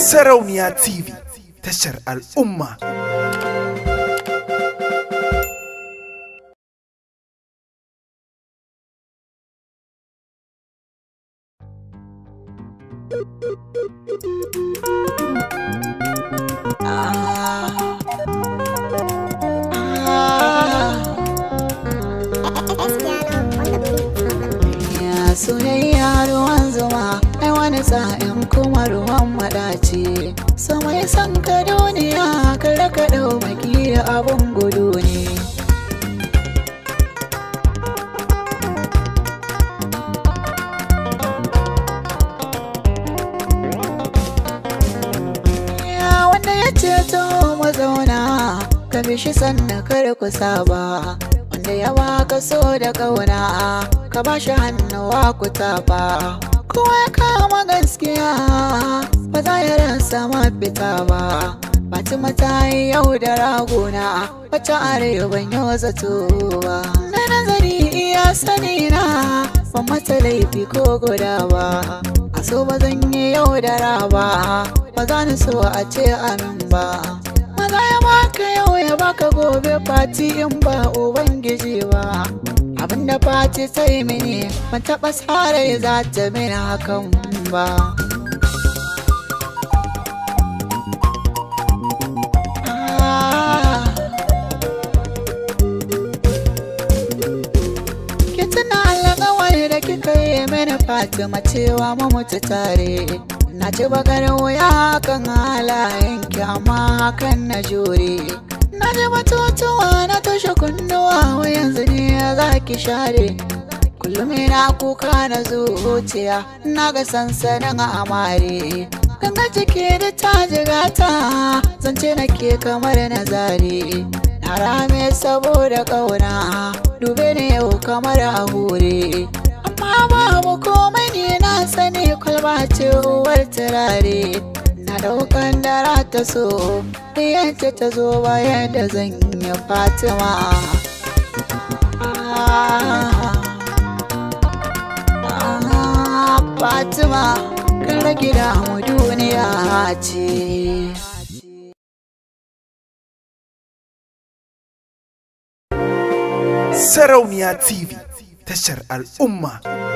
Sarauniya TV tashar al'umma. Soyayya ruwan zuma yatsa yan kuma ruwan maɗaci sama ya san ka duniya kare ka ɗau maki abun gudu ne wanda ya ceto mazauna ka bishi sannan kar ku saba wanda ya baka so da ƙauna ka ba shi hannuwa ku tafa sama fita ba Fatima ta yi yau da ragona wata arewan yau zato ba Na nazari iya sani na ban mata laifi ko guda ba A so ba zan yi yau da ba za ni so a ce amin ba Maza ya baka yau ya baka gobe fati in ba ubangiji ba abinda fati sai mini ban taɓa sare za ta mini hakan ba da kika yi mini fatima cewa mu mutu tare na ci bakar wuya kan halayen kyama hakan na jure na ji batutuwa na toshe kunnuwa yanzu ne za ki share kullum ina kuka na zuciya na ga sansanin amare ganga ciki da ta jigata zance ke kamar nazari na rame saboda ƙauna dube ne yau kamar a hore. babu komai ne na sani kwalba ce uwar turare na daukan dara ta so yadda ta zo bayan da zan yi fatima fatima kalla gida mu duniya ce Sarauniya TV tashar al'umma.